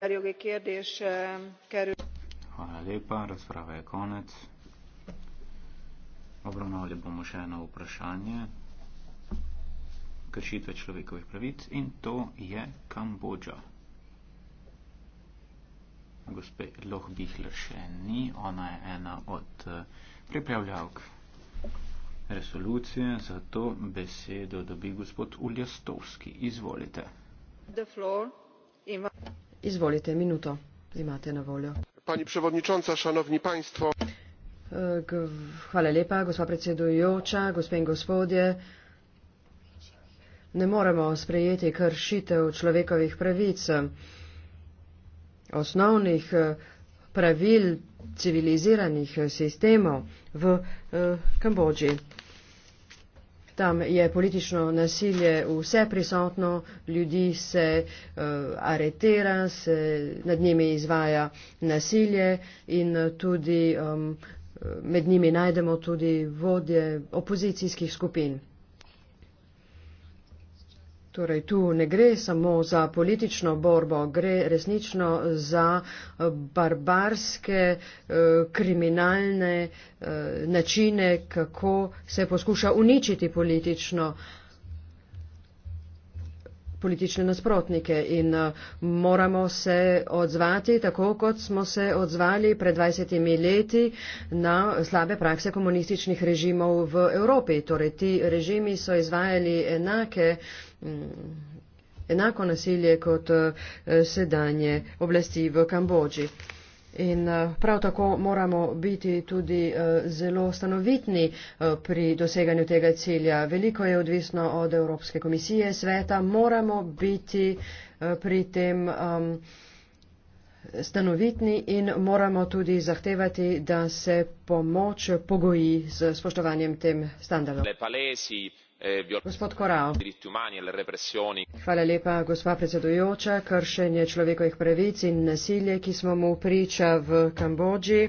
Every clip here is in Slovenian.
emberjogi kérdés eh, kerül. Hvala lepa, razprava je konec. Obravnavali bomo še eno vprašanje. Kršitve človekovih pravic in to je Kambodža. Gospe Lohbihler še ni, ona je ena od eh, pripravljavk resolucije, zato besedo dobi gospod Uljastovski. Izvolite. The floor. In... Izvolite minuto. Imate na voljo. Pani przewodnicząca, szanowni państwo. E, hvala lepa, gospa predsedujoča, gospe in gospodje. Ne moremo sprejeti kršitev človekovih pravic, osnovnih e, pravil civiliziranih e, sistemov v Kambodži. Tam je politično nasilje vse prisotno, ljudi se uh, aretira, se nad njimi izvaja nasilje in eh, tudi um, med njimi najdemo tudi vodje opozicijskih skupin. Torej, tu ne gre samo za politično borbo, gre resnično za eh, barbarske, eh, kriminalne eh, načine, kako se poskuša uničiti politično politične nasprotnike in eh, moramo se odzvati tako, kot smo se odzvali pred 20 leti na slabe prakse komunističnih režimov v Evropi. Torej, ti režimi so izvajali enake, mm, enako nasilje kot eh, sedanje oblasti v Kambodži. In eh, prav tako moramo biti tudi eh, zelo stanovitni eh, pri doseganju tega cilja. Veliko je odvisno od Evropske komisije, sveta. Moramo biti pri tem ehm, stanovitni in moramo tudi zahtevati, da se pomoč pogoji z spoštovanjem tem standardom. Eh, e Hvala lepa, gospa predsedujoča. Kršenje človekovih pravic in nasilje, ki smo mu priča v Kambodži,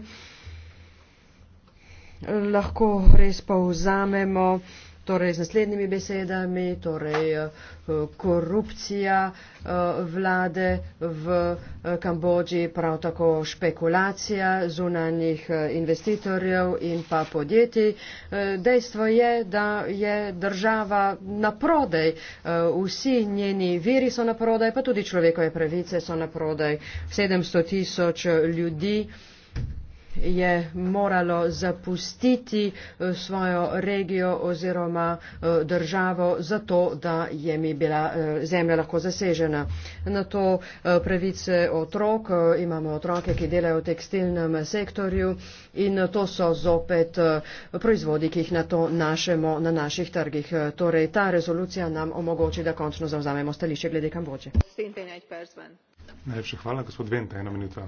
lahko res povzamemo. Torej, z naslednjimi besedami, torej, eh, korupcija eh, vlade v eh, Kambodži, prav tako špekulacija zunanjih investitorjev in pa podjetij. Dejstvo je, da je država na prodej, vsi njeni viri so na prodej, pa tudi človekove pravice so na prodej. 700 tisoč ljudi je moralo zapustiti eh, svojo regijo oziroma eh, državo zato, da je mi bila eh, zemlja lahko zasežena. Na to pravice otrok, imamo otroke, ki delajo v tekstilnem sektorju in to so zopet proizvodi, ki jih na to našemo na naših trgih. Torej, ta rezolucija nam omogoči, da končno zavzamemo stališče glede Kambodže. Najlepša hvala, gospod Vente, ena minuta.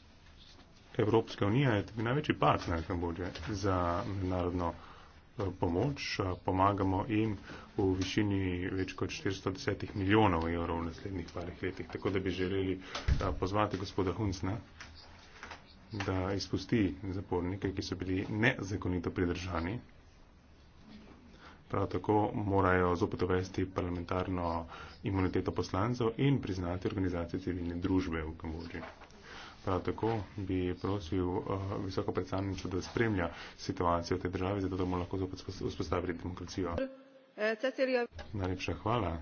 Evropska unija je tudi največji partner Kambodže za mednarodno eh, pomoč. Eh, pomagamo jim v višini več kot 410 milijonov evrov v naslednjih parih letih. Tako da bi želeli eh, pozvati gospoda Hunsna, da izpusti zapornike, ki so bili nezakonito pridržani. Prav tako morajo zopet uvesti parlamentarno imuniteto poslancev in priznati organizacije civilne družbe v Kambodži. Prav tako bi prosil uh, visoko predstavnico, da spremlja situacijo v tej državi, zato da bomo lahko zopet vzpostavili demokracijo. Eh, najlepša hvala.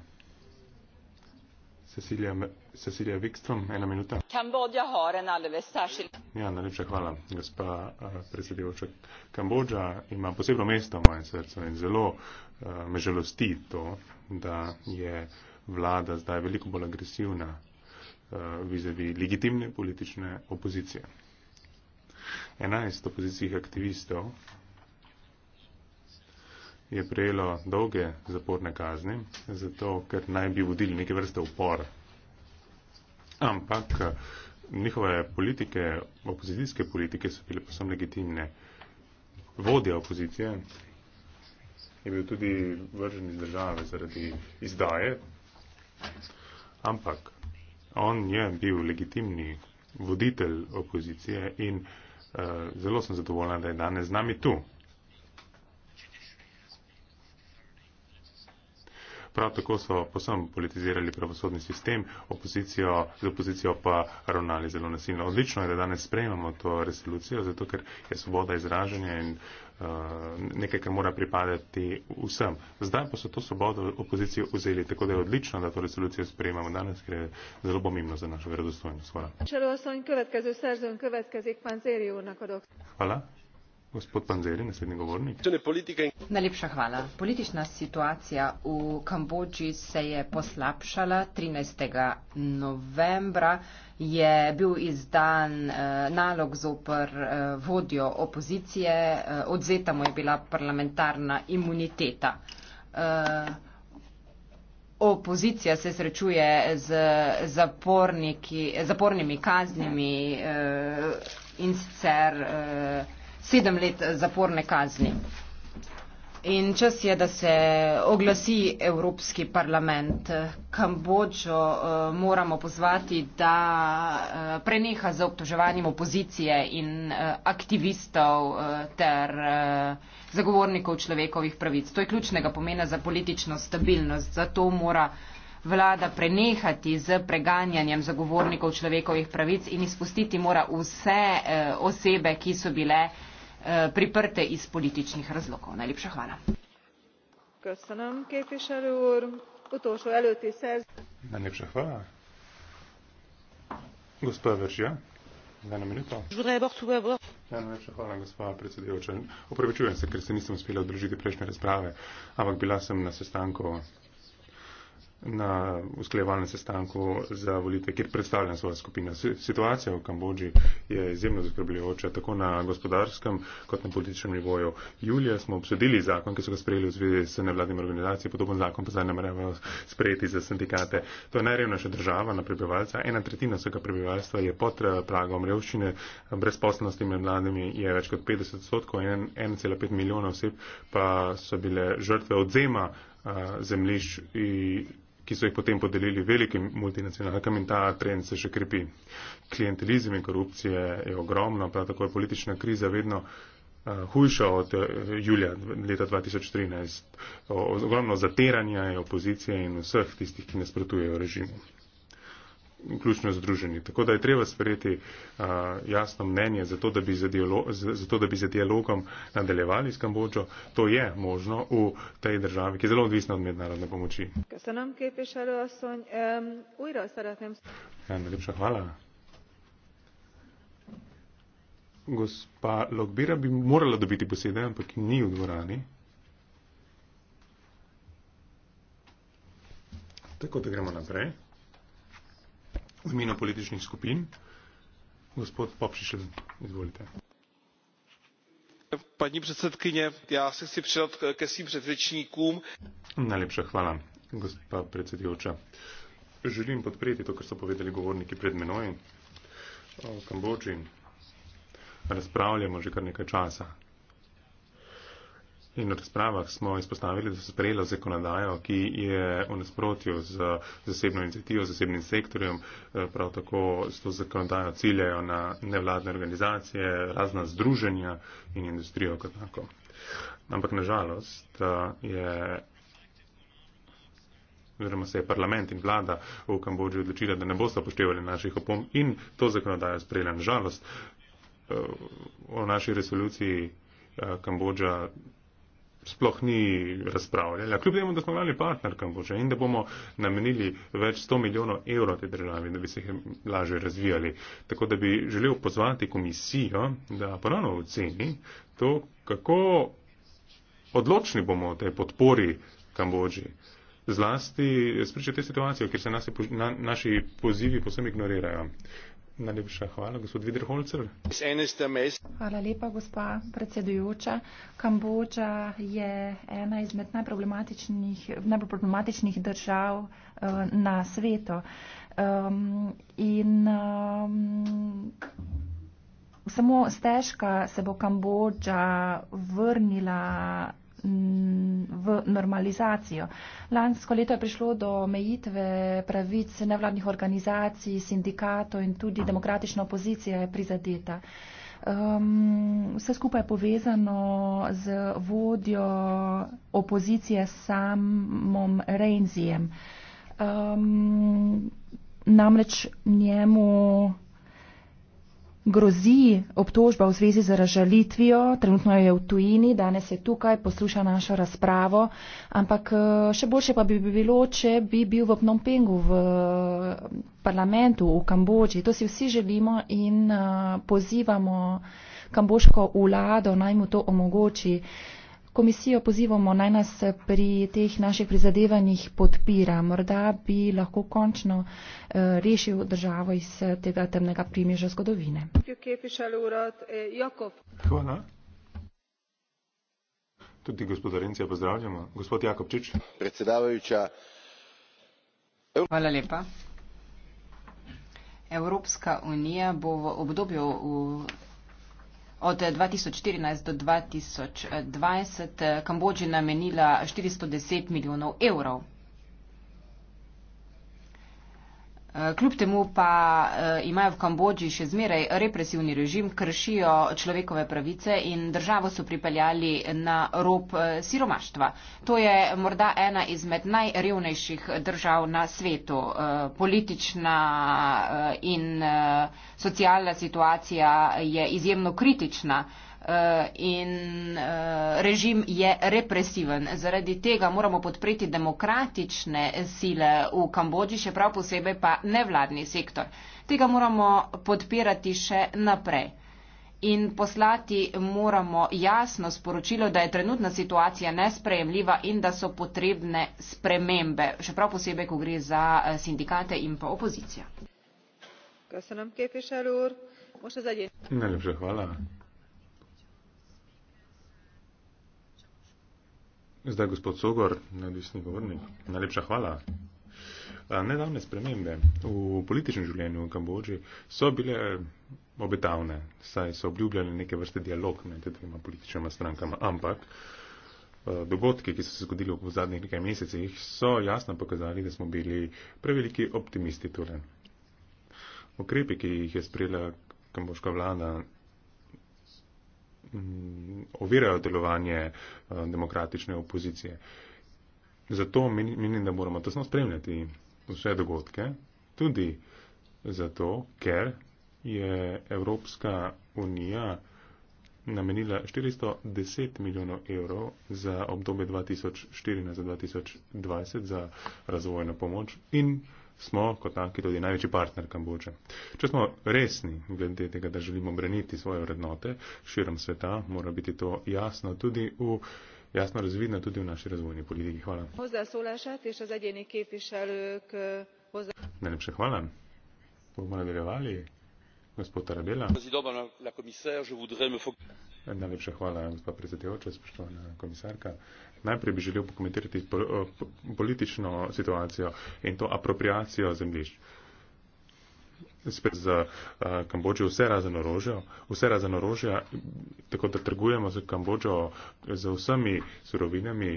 Cecilija Vikstrom, ena minuta. Kambodža har en alveg stašil. Ja, najlepša hvala, gospa uh, predsedujoča. Kambodža ima posebno mesto v mojem srcu in zelo uh, me žalosti to, da je vlada zdaj veliko bolj agresivna Eh, vizavi legitimne politične opozicije. 11 opozicijskih aktivistov je prejelo dolge zaporne kazni, zato ker naj bi vodili neke vrste upor. Ampak eh, njihove politike, opozicijske politike so bile posebno legitimne. Vodja opozicije je bil tudi vržen iz države zaradi izdaje, ampak on je bil legitimni voditelj opozicije in uh, zelo sem zadovoljna, da je danes z nami tu. Prav tako so posem politizirali pravosodni sistem, opozicijo, z opozicijo pa ravnali zelo nasilno. Odlično je, da danes sprejmemo to resolucijo, zato ker je svoboda izražanja in uh, Eh, nekaj, kar mora pripadati vsem. Zdaj pa so to svobodo opozicijo vzeli, tako da je odlično, da to resolucijo sprejemamo danes, ker je zelo pomembno za našo verodostojnost. Hvala. Hvala. Gospod Panzeri, naslednji govornik. Najlepša hvala. Politična situacija v Kambodži se je poslabšala. 13. novembra je bil izdan eh, nalog zoper eh, vodjo opozicije, eh, odzeta mu je bila parlamentarna imuniteta. Opozicija se srečuje z zapornimi kaznimi in sicer sedem let eh, zaporne kazni. In čas je, da se oglasi Evropski parlament. Kambodžo uh, moramo pozvati, da uh, preneha z obtoževanjem opozicije in uh, aktivistov uh, ter uh, zagovornikov človekovih pravic. To je ključnega pomena za politično stabilnost. Zato mora vlada prenehati z preganjanjem zagovornikov človekovih pravic in izpustiti mora vse uh, osebe, ki so bile uh, Eh, priprte iz političnih razlogov. najlepša hvala. Najlepša hvala, gospa predsedujoča. Opravičujem se, ker se nisem uspela odložiti prejšnje razprave, ampak bila sem na sestanku na usklejevalnem sestanku za volitve, kjer predstavljam svojo skupino. Situacija v Kambodži je izjemno zaskrbljujoča, tako na gospodarskem kot na političnem nivoju. Julija smo obsodili zakon, ki so ga sprejeli v zvezi s nevladnimi organizacijami, podoben zakon pa zdaj ne moremo sprejeti za sindikate. To je najrevnejša država na prebivalca. Ena tretjina vsega prebivalstva je pod eh, pragom revščine, brezposobnosti med mladimi je več kot 50 odstotkov, 1,5 milijona oseb pa so bile žrtve odzema eh, zemljišč in ki so jih potem podelili velikim multinacionalkam in ta trend se še krepi. Klientelizem in korupcije je ogromno, prav tako je politična kriza vedno uh, hujša od uh, julija leta 2013. O, ogromno zateranja je opozicije in vseh tistih, ki nasprotujejo režimu vključno združeni. Tako da je treba sprejeti uh, jasno mnenje, zato da, za dialo, zato da bi za dialogom nadaljevali s Kambodžo. To je možno v tej državi, ki je zelo odvisna od mednarodne pomoči. Um, Najlepša hvala. Gospa Logbira bi morala dobiti posede, ampak ni v dvorani. Tako da gremo naprej v imenu političnih skupin. Gospod Popšišel, izvolite. Paní predsedkynje, ja se chci předat ke svým predvečníkům. Najlepša hvala, gospa predsedujoča. Želim podpreti to, kar so povedali govorniki pred menoj o Kambodži. Razpravljamo že kar nekaj časa. In na razpravah smo izpostavili, da se sprejela zakonodajo, ki je v nasprotju z zasebno inicijativo, zasebnim sektorjem, eh, prav tako s to zakonodajo ciljajo na nevladne organizacije, razna združenja in industrijo kot tako. Ampak nažalost eh, je oziroma se je parlament in vlada v Kambodži odločila, da ne boste upoštevali naših opom in to zakonodajo sprejela. Nažalost, eh, v naši resoluciji Kambodža sploh ni razpravljala. Kljub temu, da smo glavni partner Kambodže in da bomo namenili več 100 milijonov evrov te državi, da bi se jih lažje razvijali. Tako da bi želel pozvati komisijo, da ponovno oceni to, kako odločni bomo v tej podpori Kambodži. Zlasti spričate situacijo, kjer se nasi, na, naši pozivi posebno ignorirajo. Uh, Najlepša hvala, gospod Viderholcer. Hvala lepa, gospa predsedujoča. Kambodža je ena izmed najproblematičnih, najbolj problematičnih držav uh, na svetu. Um, in um, samo stežka se bo Kambodža vrnila v normalizacijo. Lansko leto je prišlo do omejitve pravic nevladnih organizacij, sindikatov in tudi demokratična opozicija je prizadeta. Um, vse skupaj je povezano z vodjo opozicije samom Reinzijem. Um, namreč njemu grozi obtožba v zvezi z ražalitvijo, trenutno je v tujini, danes je tukaj, posluša našo razpravo, ampak eh, še boljše pa bi bilo, če bi bil v Phnom Penhu, v eh, parlamentu, v Kambodži. To si vsi želimo in eh, pozivamo kambožko vlado naj mu to omogoči komisijo pozivamo naj nas pri teh naših prizadevanjih podpira. Morda bi lahko končno eh, rešil državo iz eh, tega temnega primeža zgodovine. Hvala. Tudi gospod Renci, pozdravljamo. Gospod Jakobčič. Predsedavajuča. Hvala lepa. Evropska unija bo v obdobju v od 2014 eh, do 2020 eh, Kambodži namenila 410 milijonov evrov. Eh, kljub temu pa eh, imajo v Kambodži še zmeraj represivni režim, kršijo človekove pravice in državo so pripeljali na rob eh, siromaštva. To je morda ena izmed najrevnejših držav na svetu. Politična in socialna situacija je izjemno kritična. Eh, in eh, režim je represiven. Zaradi tega moramo podpreti demokratične sile v Kambodži, še prav posebej pa nevladni sektor. Tega moramo podpirati še naprej. In poslati moramo jasno sporočilo, da je trenutna situacija nesprejemljiva in da so potrebne spremembe, še prav posebej, ko gre za eh, sindikate in pa opozicijo. Najlepša hvala. Zdaj, gospod Sogor, nedvisni govornik, najlepša hvala. Nedavne spremembe v političnem življenju v Kambodži so bile obetavne, saj so obljubljali neke vrste dialog med dvema političnima strankama, ampak dogodki, ki so se zgodili v zadnjih nekaj mesecih, so jasno pokazali, da smo bili preveliki optimisti tole. Ukrepi, ki jih je sprejela kambožka vlada Mm, ovirajo delovanje eh, demokratične opozicije. Zato menim, da moramo tesno spremljati vse dogodke, tudi zato, ker je Evropska unija namenila 410 milijonov evrov za obdobje 2014-2020 za razvojno pomoč in smo kot taki tudi največji partner Kambodže. Če smo resni glede tega, da želimo braniti svoje vrednote širom sveta, mora biti to jasno tudi v. Jasno razvidno tudi v naši razvojni politiki. Hvala. Najlepše hvala. Bomo nadaljevali. Najlepša hvala, gospod predsedujoča, spoštovana komisarka. Najprej bi želel pokomentirati politično situacijo in to apropriacijo zemljišč. Spet za Kambodžo vse razen orožja, vse razen orožja, tako da trgujemo z Kambodžo z vsemi surovinami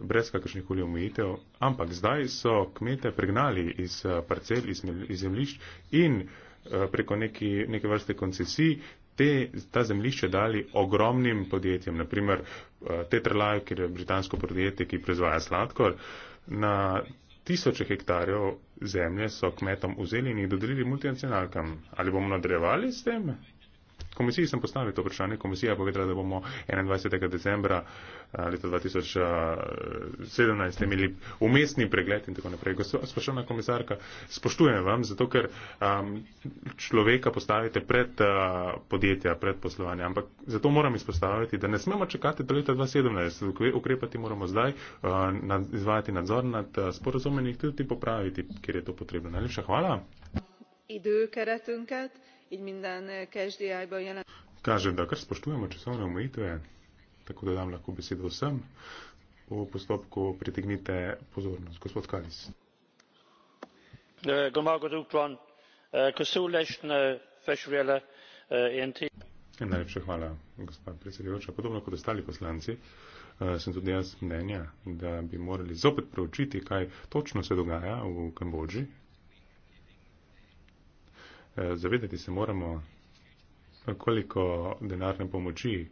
brez kakršnih koli omejitev, ampak zdaj so kmete pregnali iz parcel, iz zemljišč in Eh, preko neki, neke vrste koncesij te, ta zemljišče dali ogromnim podjetjem, naprimer eh, Tetralaj, ker je britansko podjetje, ki proizvaja sladkor. Na tisoče hektarjev zemlje so kmetom vzeli in jih dodelili multinacionalkam. Ali bomo nadrevali s tem Komisiji sem postavil to vprašanje, komisija je povedala, da bomo 21. decembra eh, leta 2017 eh, imeli umestni pregled in tako naprej. Spoštovana komisarka, spoštujem vam, zato ker um, človeka postavite pred uh, podjetja, pred poslovanje, ampak zato moram izpostaviti, da ne smemo čakati do leta 2017, ukrepati moramo zdaj, uh, nad, izvajati nadzor nad uh, sporozumenih, tudi popraviti, kjer je to potrebno. Najlepša hvala így minden cash DI-ban jelent. Kažem, da kar spoštujemo časovne omejitve, tako da dam lahko besedo vsem. V postopku pritegnite pozornost. Gospod Kalis. Eh, eh, eh, e ja, najlepša hvala, gospod predsedujoča. Podobno kot ostali poslanci, sem tudi jaz mnenja, da bi morali zopet preučiti, kaj točno se dogaja v Kambodži, Eh, zavedati se moramo, koliko denarne pomoči,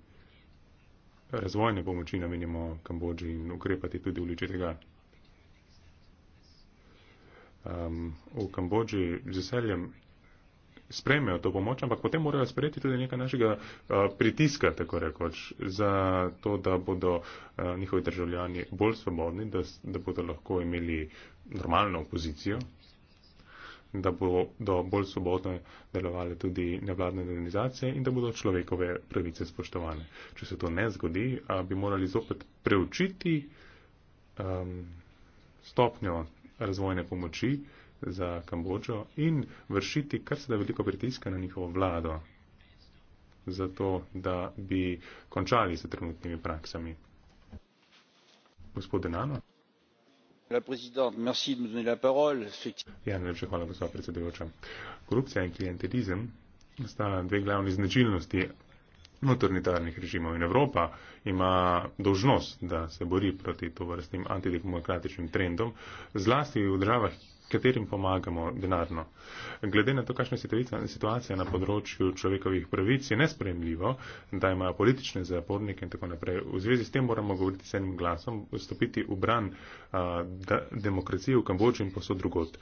razvojne pomoči namenjamo Kambodži in ukrepati tudi v luči tega. Um, v Kambodži z veseljem sprejmejo to pomoč, ampak potem morajo sprejeti tudi nekaj našega uh, pritiska, tako rekoč, za to, da bodo uh, njihovi državljani bolj svobodni, da, da bodo lahko imeli normalno opozicijo da bodo bolj svobodno delovali tudi nevladne organizacije in da bodo človekove pravice spoštovane. Če se to ne zgodi, bi morali zopet preučiti um, stopnjo razvojne pomoči za Kambočo in vršiti kar se da veliko pritiska na njihovo vlado, zato da bi končali s trenutnimi praksami. Gospod Denano. Ja, korupcija in klientelizem sta dve glavni značilnosti notornitarnih režimov in Evropa ima dožnost, da se bori proti to vrstnim antidemokratičnim trendom, zlasti v državah, ki so bile prizadete, kot je Slovenija, kjer je bilo to v preteklosti že večkrat omenjeno, katerim pomagamo denarno. Glede na to, kakšna je situacija na področju človekovih pravic, je nespremljivo, da imajo politične zapornike in tako naprej. V zvezi s tem moramo govoriti s enim glasom, stopiti v bran demokracije v Kambodži in posod drugot.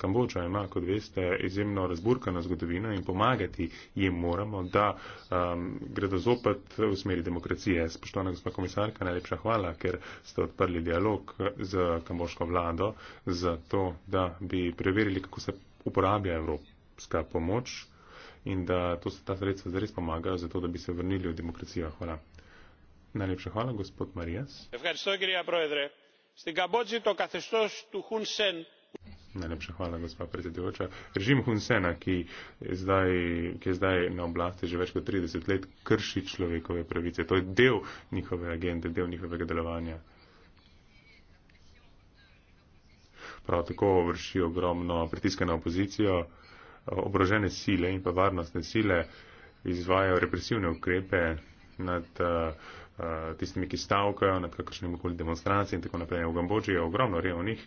Kambodža ima, kot veste, izjemno razburkano zgodovino in pomagati jim moramo, da um, gredo zopet v smeri demokracije. Spoštovana gospa komisarka, najlepša hvala, ker ste odprli dialog z kambožsko vlado za to, da bi preverili, kako se uporablja evropska pomoč in da to se ta sredstva zares pomagajo, zato da bi se vrnili v demokracijo. Hvala. Najlepša hvala, gospod Marijas. Najlepša hvala, gospod predsedujoča. Režim Hunsena, ki je, zdaj, ki je zdaj na oblasti že več kot 30 let, krši človekove pravice. To je del njihove agende, del njihovega delovanja. prav tako vrši ogromno pritiska na opozicijo, obrožene sile in pa varnostne sile izvajajo represivne ukrepe nad uh, tistimi, ki stavkajo, nad kakršnimi koli demonstracijami in tako naprej. V Gambodži je ogromno revnih,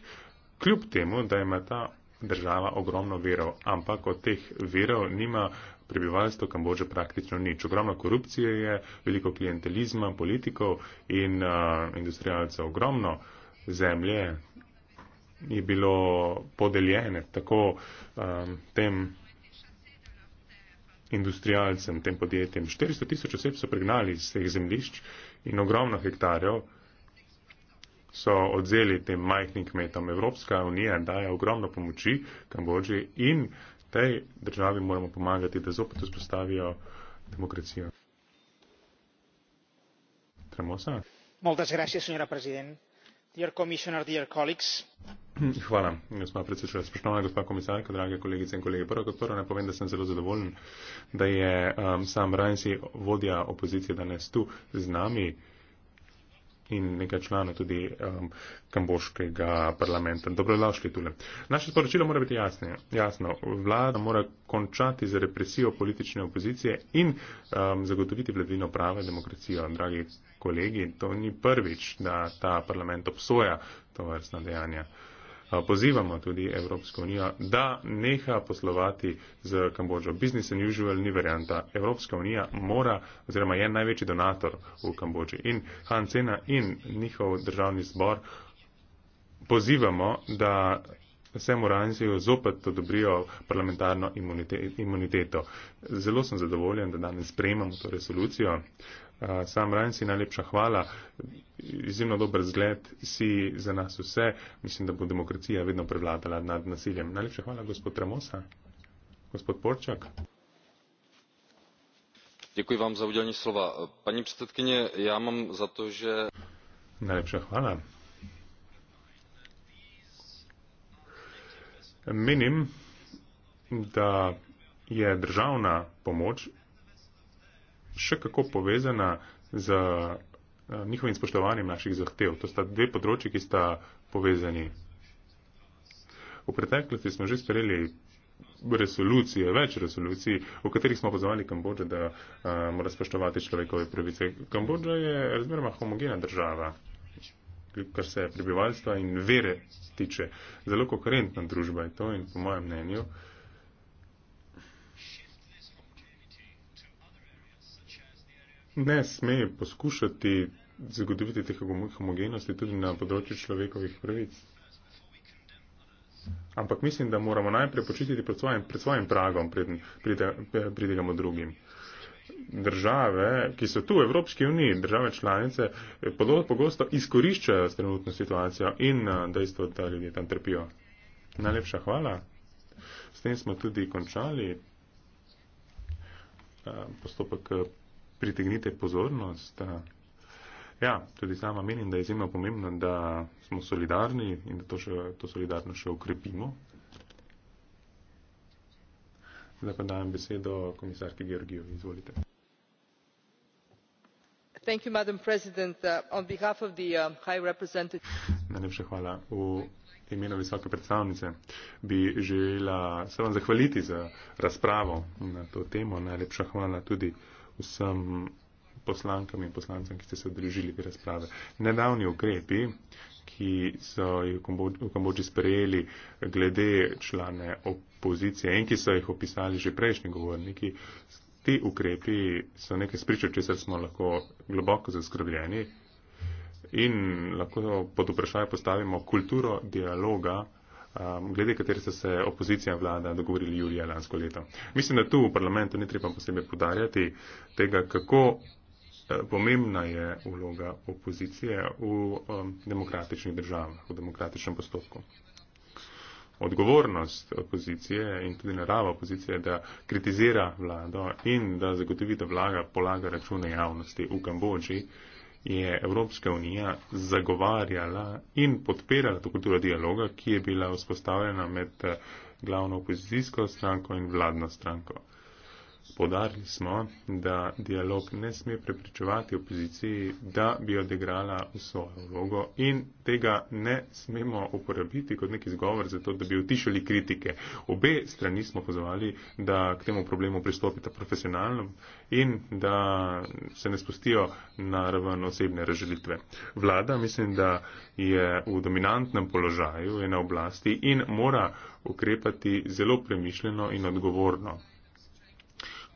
kljub temu, da ima ta država ogromno verov, ampak od teh verov nima prebivalstvo Kambodže praktično nič. Ogromno korupcije je, veliko klientelizma, politikov in uh, industrialcev, ogromno zemlje je bilo podeljene tako um, tem industrialcem, tem podjetjem. 400 tisoč oseb so pregnali iz teh zemlišč in ogromno hektarjev so odzeli tem majhnim kmetom. Evropska unija daje ogromno pomoči Kambođi in tej državi moramo pomagati, da zopet vzpostavijo demokracijo. Tremosa. Moltes gràcies, senyora president. Dear commissioner, dear colleagues, Hvala, gospod predsedujoča. Spoštovana gospa komisarka, drage kolegice in kolegi. Prvo kot prvo naj povem, da sem zelo zadovoljen, da je um, sam Rajnsi vodja opozicije danes tu z nami in nekaj člana tudi um, kamboškega parlamenta. Dobrodošli tule. Naše sporočilo mora biti jasne, jasno. Vlada mora končati z represijo politične opozicije in um, zagotoviti vladino prave demokracijo. Dragi kolegi, to ni prvič, da ta parlament obsoja to vrstna dejanja pozivamo tudi Evropsko unijo, da neha poslovati z Kambodžo. Business as usual ni varianta. Evropska unija mora oziroma je največji donator v Kambodži in Hancena in njihov državni zbor pozivamo, da se Moranziju zopet odobrijo parlamentarno imunite, imuniteto. Zelo sem zadovoljen, da danes sprejemamo to resolucijo. Uh, Eh, Sam Rajn, si najlepša hvala. Izjemno dober zgled si za nas vse. Mislim, da bo demokracija vedno prevladala nad nasiljem. Najlepša hvala, gospod Tramosa. Gospod Porčak. Děkuji vám za udělení slova. Paní předsedkyně, já mám za to, že... Najlepša hvala. Minim, da je državna pomoč še kako povezana z eh, njihovim spoštovanjem naših zahtev. To sta dve področji, ki sta povezani. V preteklosti smo že sprejeli resolucije, več resolucij, v katerih smo pozvali Kambodžo, da a, eh, mora spoštovati človekove pravice. Kambodža je razmeroma homogena država, kar se prebivalstva in vere tiče. Zelo koherentna družba je to in po mojem mnenju. A, ne sme poskušati zagotoviti teh homogenosti tudi na področju človekovih pravic. Ampak mislim, da moramo najprej počititi pred svojim, pred svojim pragom, pridigamo drugim. Države, ki so tu v Evropski uniji, države članice, podobno pogosto izkoriščajo trenutno situacijo in eh, dejstvo, da ljudje tam trpijo. Najlepša hvala. S tem smo tudi končali eh, postopek pritegnite pozornost. Eh, ja, tudi sama menim, da je izjemno pomembno, da smo solidarni in da to, še, to solidarno še ukrepimo. Zdaj pa dajem besedo komisarki Georgijo. Izvolite. Thank you, Madam President. Uh, on behalf of the uh, High Representative. Najlepša hvala. V imenu visoke predstavnice bi želela se vam zahvaliti za razpravo na to temo. Najlepša hvala tudi uh, vsem poslankam in poslancem, ki ste se odrežili te razprave. Nedavni ukrepi, ki so jih v Kambodži sprejeli glede člane opozicije in ki so jih opisali že prejšnji govorniki, ti ukrepi so nekaj spričo, če se smo lahko globoko zaskrbljeni in lahko pod vprašaj postavimo kulturo dialoga um, glede katere ste se opozicija vlada dogovorili julija lansko leto. Mislim, da tu v parlamentu ni treba posebej podarjati tega, kako eh, pomembna je vloga opozicije v um, demokratičnih državah, v demokratičnem postopku. Odgovornost opozicije in tudi narava opozicije, da kritizira vlado in da zagotovi, da vlaga polaga račune javnosti v Kambodži, uh, je Evropska unija zagovarjala in podpirala to kulturo dialoga, ki je bila vzpostavljena med eh, glavno opozicijsko stranko in vladno stranko. Podarili smo, da dialog ne sme prepričovati opoziciji, da bi odigrala svojo vlogo in tega ne smemo uporabiti kot neki zgovor za to, da bi utišali kritike. Obe strani smo pozvali, da k temu problemu pristopita profesionalno in da se ne spustijo na raven osebne razželitve. Vlada mislim, da je v dominantnem položaju, je na oblasti in mora ukrepati zelo premišljeno in odgovorno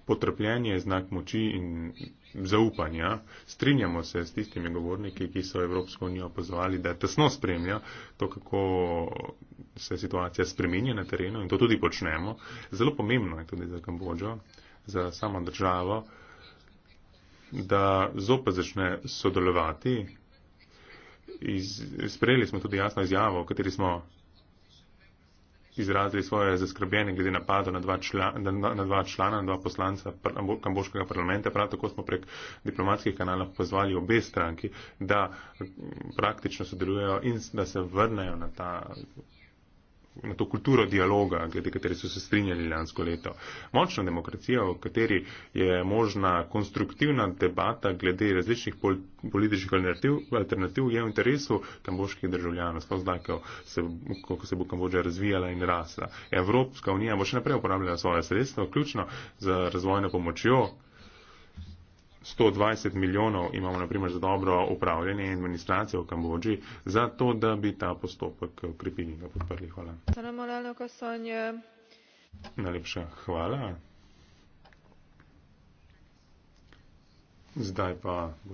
potrpljenje je znak moči in zaupanja. Strinjamo se s tistimi govorniki, ki so Evropsko unijo pozvali, da tesno spremlja to, kako se situacija spremenja na terenu in to tudi počnemo. Zelo pomembno je tudi za Kambodžo, za samo državo, da zopet začne sodelovati. Iz, sprejeli smo tudi jasno izjavo, v kateri smo izrazili svoje zaskrbljenje glede napadov na, na, na dva člana, na dva poslanca pr, kamboškega parlamenta. Prav tako smo prek diplomatskih kanalov pozvali obe stranki, da praktično sodelujejo in da se vrnejo na ta na to kulturo dialoga, glede katere so se strinjali lansko leto. Močna demokracija, v kateri je možna konstruktivna debata glede različnih pol političnih alternativ, alternativ je v interesu kambožkih državljanov, sploh zdaj, ko se, ko se bo Kambodža razvijala in rasla. Evropska unija bo še naprej uporabljala svoje sredstva, vključno z razvojno pomočjo 120 milijonov imamo naprimer za dobro upravljanje in administracijo v Kambodži, za to, da bi ta postopek pripili in ga podprli. Hvala. Najlepša hvala. Zdaj pa.